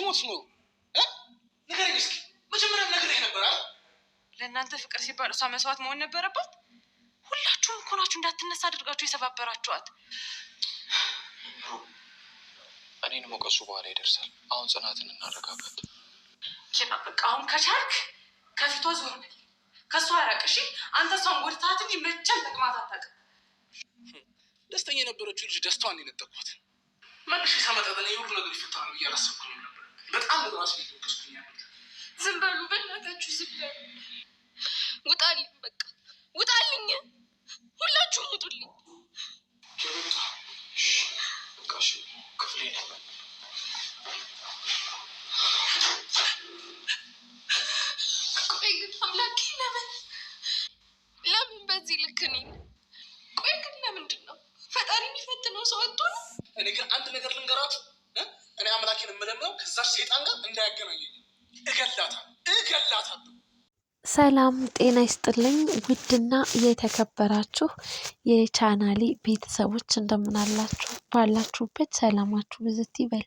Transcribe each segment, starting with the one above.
ብትሞትስ ኖሮ ነገር ይመስል መጀመሪያም ነገር ላይ ነበር ለእናንተ ፍቅር ሲባል እሷ መስዋዕት መሆን ነበረባት። ሁላችሁም እኮ ናችሁ እንዳትነሳ አድርጋችሁ የሰባበራችኋት። እኔን መውቀሱ በኋላ ይደርሳል። አሁን ጽናትን እናረጋጋት። በቃ አሁን ከቻልክ ከፊቷ ዞር በል፣ ከእሷ አራቅ። እሺ አንተ እሷን ጎድታትን ይመቸል ጠቅማት አታውቅም። ደስተኛ የነበረችው ልጅ ደስታዋን የነጠቋት መልሽ ሰመጠጠ የሁሉ ነገር ይፈታ ነው ብዬ ነው በጣም ራሴ ዝም በሉ በእናታችሁ ዝም በሉ ውጣልኝ በቃ ከሴጣን ጋር እንዳያገናኝ እገላታል እገላታል። ሰላም ጤና ይስጥልኝ። ውድና የተከበራችሁ የቻናሌ ቤተሰቦች እንደምናላችሁ ባላችሁበት ሰላማችሁ ብዝት ይበል።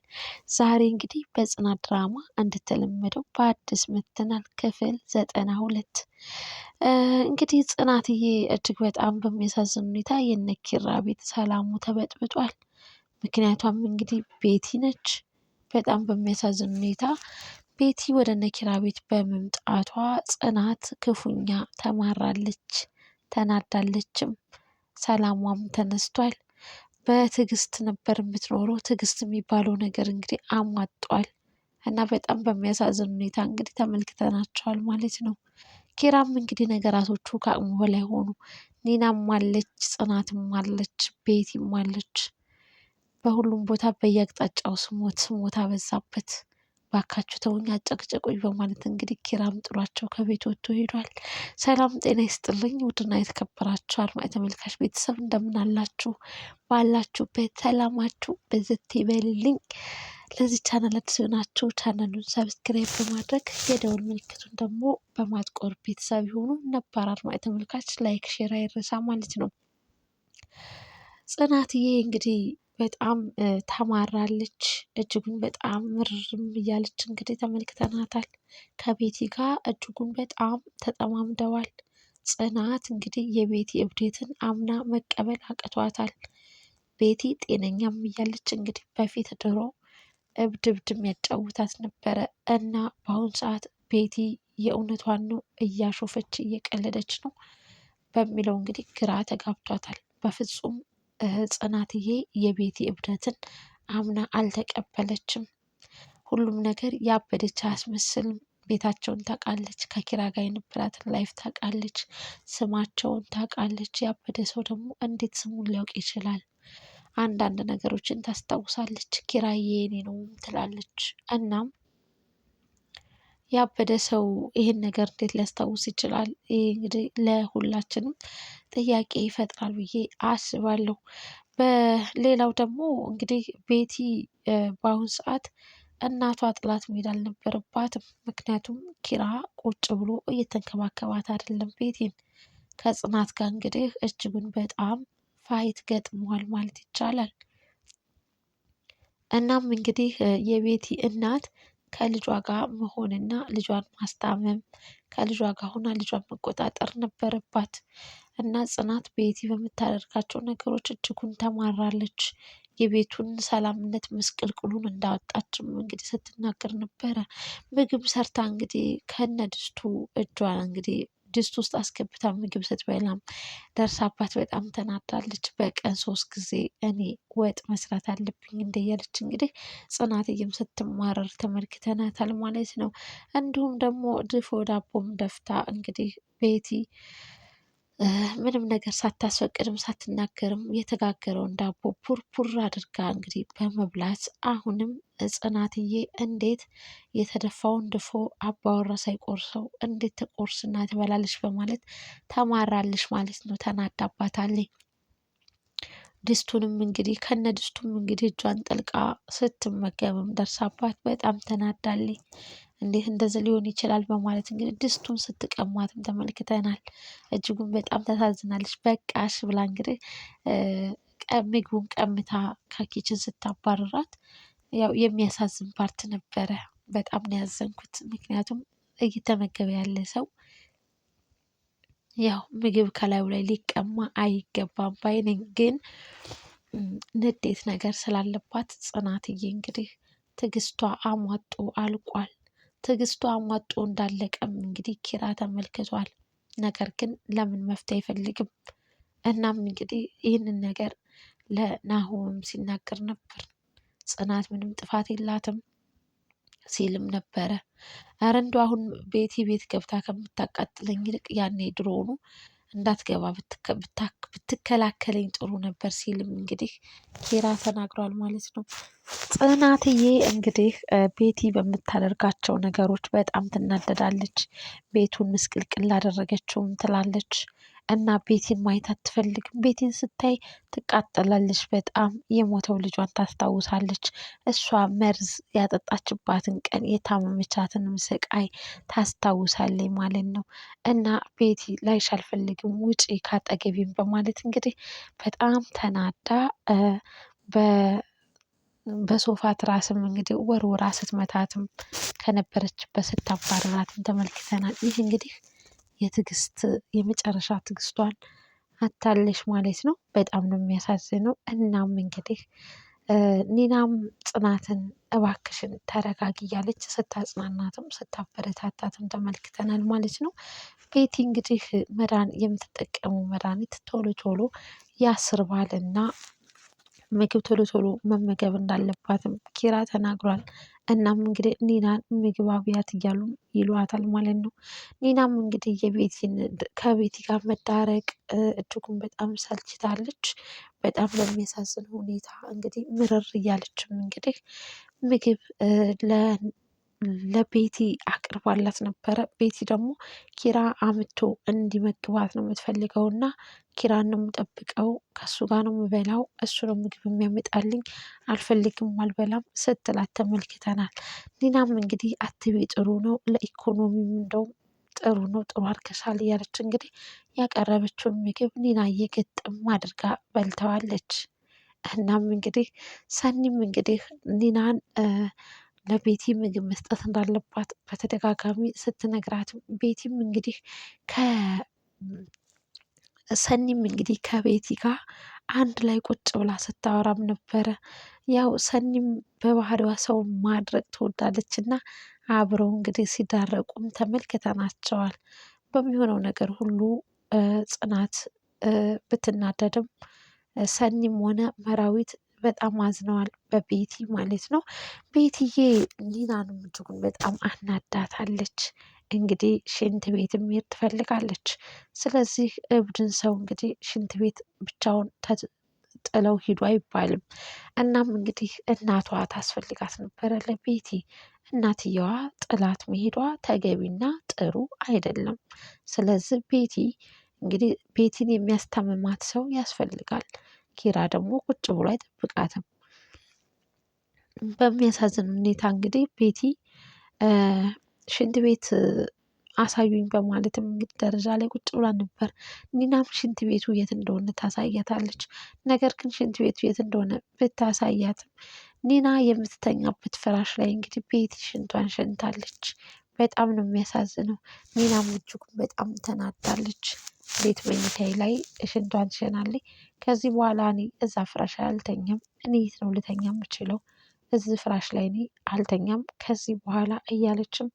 ዛሬ እንግዲህ በጽናት ድራማ እንደተለመደው በአዲስ መጥተናል። ክፍል ዘጠና ሁለት እንግዲህ ጽናትዬ እጅግ በጣም በሚያሳዝን ሁኔታ የነኪራ ቤት ሰላሙ ተበጥብጧል። ምክንያቷም እንግዲህ ቤቲ ነች። በጣም በሚያሳዝን ሁኔታ ቤቲ ወደ ነኪራ ቤት በመምጣቷ ጽናት ክፉኛ ተማራለች፣ ተናዳለችም፣ ሰላሟም ተነስቷል። በትዕግስት ነበር የምትኖረው። ትዕግስት የሚባለው ነገር እንግዲህ አሟጧል እና በጣም በሚያሳዝን ሁኔታ እንግዲህ ተመልክተናቸዋል ማለት ነው። ኪራም እንግዲህ ነገራቶቹ ከአቅሙ በላይ ሆኑ። ኒናም አለች፣ ጽናትም አለች፣ ቤቲም አለች። በሁሉም ቦታ በየአቅጣጫው ስሞት ስሞታ በዛበት ባካችሁ ተውኝ አጨቅጨቁኝ በማለት እንግዲህ ኪራም ጥሏቸው ከቤት ወጥቶ ሄዷል። ሰላም ጤና ይስጥልኝ ውድና የተከበራችሁ አድማጭ ተመልካች ቤተሰብ እንደምን አላችሁ? ባላችሁበት ሰላማችሁ በዘት ይበልልኝ። ለዚህ ቻናል አዲስ ናችሁ ቻናሉን ሰብስክራይብ በማድረግ የደውል ምልክቱን ደግሞ በማጥቆር ቤተሰብ የሆኑ ነባር አድማጭ ተመልካች ላይክ፣ ሼር አይረሳ ማለት ነው። ጽናትዬ እንግዲህ በጣም ተማራለች እጅጉን በጣም ምርርም እያለች እንግዲህ ተመልክተናታል። ከቤቲ ጋር እጅጉን በጣም ተጠማምደዋል። ጽናት እንግዲህ የቤቲ እብዴትን አምና መቀበል አቅቷታል። ቤቲ ጤነኛም እያለች እንግዲህ በፊት ድሮ እብድ እብድ ነበረ እና በአሁኑ ሰዓት ቤቲ የእውነቷን ነው እያሾፈች እየቀለደች ነው በሚለው እንግዲህ ግራ ተጋብቷታል። በፍጹም ጽናትዬ የቤቲ እብደትን አምና አልተቀበለችም። ሁሉም ነገር ያበደች አያስመስልም። ቤታቸውን ታውቃለች፣ ከኪራ ጋር የነበራትን ላይፍ ታውቃለች፣ ስማቸውን ታውቃለች። ያበደ ሰው ደግሞ እንዴት ስሙን ሊያውቅ ይችላል? አንዳንድ ነገሮችን ታስታውሳለች። ኪራዬ የኔ ነው ትላለች። እናም ያበደ ሰው ይህን ነገር እንዴት ሊያስታውስ ይችላል? ይህ እንግዲህ ለሁላችንም ጥያቄ ይፈጥራል ብዬ አስባለሁ። በሌላው ደግሞ እንግዲህ ቤቲ በአሁን ሰዓት እናቷ ጥላት መሄድ አልነበረባትም። ምክንያቱም ኪራ ቁጭ ብሎ እየተንከባከባት አይደለም ቤቲን። ከጽናት ጋር እንግዲህ እጅጉን በጣም ፋይት ገጥመዋል ማለት ይቻላል። እናም እንግዲህ የቤቲ እናት ከልጇ ጋር መሆንና ልጇን ማስታመም ከልጇ ጋር ሆና ልጇን መቆጣጠር ነበረባት እና ጽናት ቤቲ በምታደርጋቸው ነገሮች እጅጉን ተማራለች። የቤቱን ሰላምነት ምስቅልቅሉን እንዳወጣችም እንግዲህ ስትናገር ነበረ። ምግብ ሰርታ እንግዲህ ከነድስቱ እጇን እንግዲህ ድስት ውስጥ አስገብታ ምግብ ስትበላም ደርሳባት በጣም ተናዳለች። በቀን ሶስት ጊዜ እኔ ወጥ መስራት አለብኝ እንደያለች እንግዲህ ጽናትዬም ስትማረር ተመልክተናታል ማለት ነው። እንዲሁም ደግሞ ድፎ ዳቦም ደፍታ እንግዲህ ቤቲ ምንም ነገር ሳታስፈቅድም ሳትናገርም የተጋገረውን ዳቦ ፑርፑር አድርጋ እንግዲህ በመብላት አሁንም ጽናትዬ እንዴት የተደፋውን ድፎ አባወራ ሳይቆርሰው እንዴት ተቆርስና ትበላለች በማለት ተማራለች ማለት ነው። ተናዳባታለች። ድስቱንም እንግዲህ ከነ ድስቱም እንግዲህ እጇን ጠልቃ ስትመገብም ደርሳባት በጣም ተናዳለች። እንዴት እንደዚህ ሊሆን ይችላል በማለት እንግዲህ ድስቱን ስትቀሟትም ተመልክተናል። እጅጉን በጣም ተሳዝናለች በቃሽ ብላ እንግዲህ ምግቡን ቀምታ ከኪችን ስታባርራት ያው የሚያሳዝን ፓርት ነበረ። በጣም ነው ያዘንኩት። ምክንያቱም እየተመገበ ያለ ሰው ያው ምግብ ከላዩ ላይ ሊቀማ አይገባም ባይነኝ። ግን ንዴት ነገር ስላለባት ጽናትዬ እንግዲህ ትዕግስቷ አሟጦ አልቋል። ትዕግስቷ አሟጦ እንዳለቀም እንግዲህ ኪራ ተመልክቷል። ነገር ግን ለምን መፍትሄ አይፈልግም። እናም እንግዲህ ይህንን ነገር ለናሆም ሲናገር ነበር። ጽናት ምንም ጥፋት የላትም ሲልም ነበረ። ኧረ አሁን ቤቲ ቤት ገብታ ከምታቃጥለኝ ይልቅ ያኔ ድሮውኑ እንዳትገባ ብትከላከለኝ ጥሩ ነበር ሲልም እንግዲህ ኬራ ተናግሯል ማለት ነው። ጽናትዬ እንግዲህ ቤቲ በምታደርጋቸው ነገሮች በጣም ትናደዳለች። ቤቱን ምስቅልቅል አደረገችውም ትላለች። እና ቤቲን ማየት አትፈልግም። ቤቲን ስታይ ትቃጠላለች። በጣም የሞተው ልጇን ታስታውሳለች። እሷ መርዝ ያጠጣችባትን ቀን የታመመቻትንም ስቃይ ታስታውሳለች ማለት ነው። እና ቤቲ ላይሽ አልፈልግም፣ ውጪ ካጠገቢም በማለት እንግዲህ በጣም ተናዳ በሶፋ ትራስም እንግዲህ ወርውራ ስትመታትም ከነበረችበት ስታባረራትም ተመልክተናል። ይህ እንግዲህ የትዕግስት የመጨረሻ ትዕግስቷን አታለሽ ማለት ነው። በጣም ነው የሚያሳዝነው። እናም እንግዲህ ኒናም ጽናትን እባክሽን ተረጋግ እያለች ስታጽናናትም ስታበረታታትም ተመልክተናል ማለት ነው። ቤቲ እንግዲህ መዳን የምትጠቀመው መድኃኒት ቶሎ ቶሎ እና ምግብ ቶሎ ቶሎ መመገብ እንዳለባትም ኪራ ተናግሯል። እናም እንግዲህ ኒናን ምግብ አብያት እያሉ ይሏታል ማለት ነው። ኒናም እንግዲህ የቤቲን ከቤቲ ጋር መዳረቅ እጅጉን በጣም ሰልችታለች። በጣም በሚያሳዝን ሁኔታ እንግዲህ ምርር እያለችም እንግዲህ ምግብ ለ ለቤቲ አቅርባላት ነበረ። ቤቲ ደግሞ ኪራ አምቶ እንዲመግባት ነው የምትፈልገው እና ኪራን ነው የምጠብቀው፣ ከሱ ጋር ነው የምበላው፣ እሱ ነው ምግብ የሚያመጣልኝ፣ አልፈልግም፣ አልበላም ስትላት ተመልክተናል። ኒናም እንግዲህ አትቤ ጥሩ ነው ለኢኮኖሚም እንደውም ጥሩ ነው ጥሩ አድርገሻል እያለች እንግዲህ ያቀረበችውን ምግብ ኒና እየገጥም አድርጋ በልተዋለች። እናም እንግዲህ ሰኒም እንግዲህ ኒናን ለቤቲ ምግብ መስጠት እንዳለባት በተደጋጋሚ ስትነግራትም ቤቲም እንግዲህ ሰኒም እንግዲህ ከቤቲ ጋር አንድ ላይ ቁጭ ብላ ስታወራም ነበረ። ያው ሰኒም በባህሪዋ ሰው ማድረግ ትወዳለች እና አብረው እንግዲህ ሲዳረቁም ተመልክተናቸዋል። በሚሆነው ነገር ሁሉ ጽናት ብትናደድም ሰኒም ሆነ መራዊት በጣም አዝነዋል በቤቲ ማለት ነው። ቤትዬ ኒናንም እጅጉን በጣም አናዳታለች። እንግዲህ ሽንት ቤት ሄድ ትፈልጋለች። ስለዚህ እብድን ሰው እንግዲህ ሽንት ቤት ብቻውን ጥለው ሂዱ አይባልም። እናም እንግዲህ እናቷ ታስፈልጋት ነበረ ለቤቲ። እናትየዋ ጥላት መሄዷ ተገቢና ጥሩ አይደለም። ስለዚህ ቤቲ እንግዲህ ቤቲን የሚያስታምማት ሰው ያስፈልጋል። ኪራ ደግሞ ቁጭ ብሎ አይጠብቃትም። በሚያሳዝን ሁኔታ እንግዲህ ቤቲ ሽንት ቤት አሳዩኝ በማለትም እንግዲህ ደረጃ ላይ ቁጭ ብላ ነበር። ኒናም ሽንት ቤቱ የት እንደሆነ ታሳያታለች። ነገር ግን ሽንት ቤቱ የት እንደሆነ ብታሳያትም ኒና የምትተኛበት ፍራሽ ላይ እንግዲህ ቤቲ ሽንቷን ሸንታለች። በጣም ነው የሚያሳዝነው። ኒናም እጅጉን በጣም ተናዳለች። ቤት መኝታዬ ላይ ሽንቷን ትሸናለች። ከዚህ በኋላ እኔ እዛ ፍራሽ ላይ አልተኛም። እኔ የት ነው ልተኛ የምችለው? እዚህ ፍራሽ ላይ እኔ አልተኛም ከዚህ በኋላ እያለችም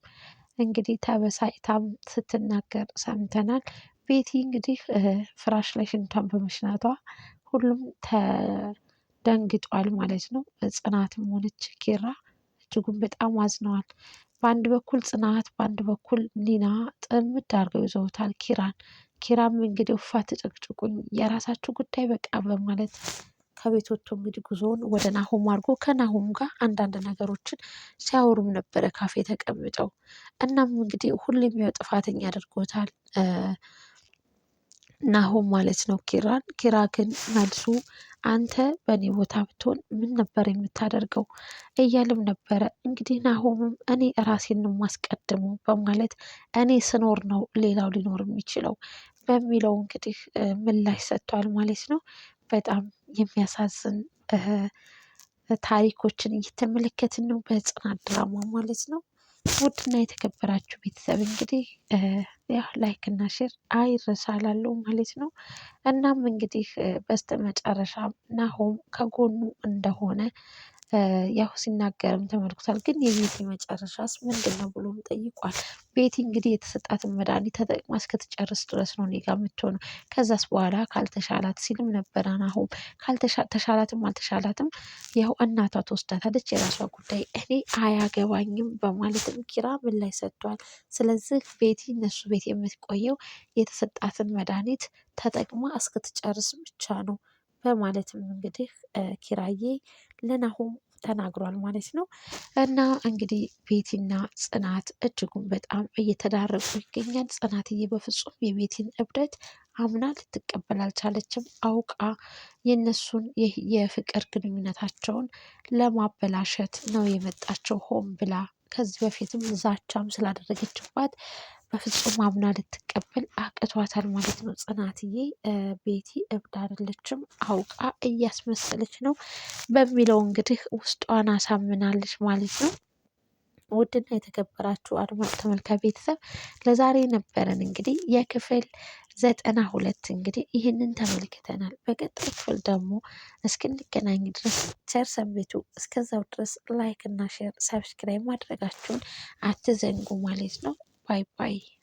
እንግዲህ ተበሳጭታም ስትናገር ሰምተናል። ቤቲ እንግዲህ ፍራሽ ላይ ሽንቷን በመሽናቷ ሁሉም ተደንግጧል ማለት ነው። ጽናትም ሆነች ኪራ እጅጉን በጣም አዝነዋል። በአንድ በኩል ጽናት፣ በአንድ በኩል ኒና ጥምድ አድርገው ይዘውታል ኪራን ኪራም እንግዲህ ውፋ ተጨቅጭቁኝ የራሳችሁ ጉዳይ በቃ በማለት ከቤት ወጥቶ እንግዲህ ጉዞውን ወደ ናሆም አድርጎ ከናሆም ጋር አንዳንድ ነገሮችን ሲያወሩም ነበረ ካፌ ተቀምጠው። እናም እንግዲህ ሁሌም ያው ጥፋተኛ አድርጎታል ናሆም ማለት ነው ኪራን። ኪራ ግን መልሱ አንተ በእኔ ቦታ ብትሆን ምን ነበር የምታደርገው? እያልም ነበረ። እንግዲህ ናሆምም እኔ ራሴን ማስቀድሙ በማለት እኔ ስኖር ነው ሌላው ሊኖር የሚችለው በሚለው እንግዲህ ምላሽ ሰጥቷል ማለት ነው። በጣም የሚያሳዝን ታሪኮችን እየተመለከትን ነው በጽናት ድራማ ማለት ነው። ውድና የተከበራችሁ ቤተሰብ እንግዲህ ያ ላይክ እና ሼር አይረሳ ማለት ነው። እናም እንግዲህ በስተመጨረሻ ናሆም ከጎኑ እንደሆነ ያው ሲናገርም ተመልክቷል። ግን የቤቲ መጨረሻስ ምንድን ነው ብሎም ጠይቋል። ቤቲ እንግዲህ የተሰጣትን መድኃኒት ተጠቅማ እስክትጨርስ ድረስ ነው እኔ የምትሆነው፣ ከዛስ በኋላ ካልተሻላት ሲልም ነበር። ናሁም ተሻላትም አልተሻላትም ያው እናቷ ትወስዳታለች፣ የራሷ ጉዳይ፣ እኔ አያገባኝም በማለትም ኪራ ምን ላይ ሰጥቷል። ስለዚህ ቤቲ እነሱ ቤት የምትቆየው የተሰጣትን መድኃኒት ተጠቅማ እስክትጨርስ ብቻ ነው። በማለትም እንግዲህ ኪራዬ ለናሆም ተናግሯል ማለት ነው። እና እንግዲህ ቤቲና ጽናት እጅጉን በጣም እየተዳረቁ ይገኛል። ጽናትዬ በፍጹም የቤቲን እብደት አምና ልትቀበል አልቻለችም። አውቃ የነሱን የፍቅር ግንኙነታቸውን ለማበላሸት ነው የመጣቸው ሆን ብላ ከዚህ በፊትም ዛቻም ስላደረገችባት በፍጹም አምና ልትቀበል አቅቷታል ማለት ነው። ጽናትዬ ቤቲ እብድ አይደለችም አውቃ እያስመሰለች ነው በሚለው እንግዲህ ውስጧን አሳምናለች ማለት ነው። ውድና የተከበራችሁ አድማጭ ተመልካች ቤተሰብ ለዛሬ ነበረን እንግዲህ የክፍል ዘጠና ሁለት እንግዲህ ይህንን ተመልክተናል። በቀጣይ ክፍል ደግሞ እስክንገናኝ ድረስ ቸር ሰንብቱ። እስከዛው ድረስ ላይክ እና ሼር፣ ሰብስክራይብ ማድረጋችሁን አትዘንጉ ማለት ነው። Bye bye.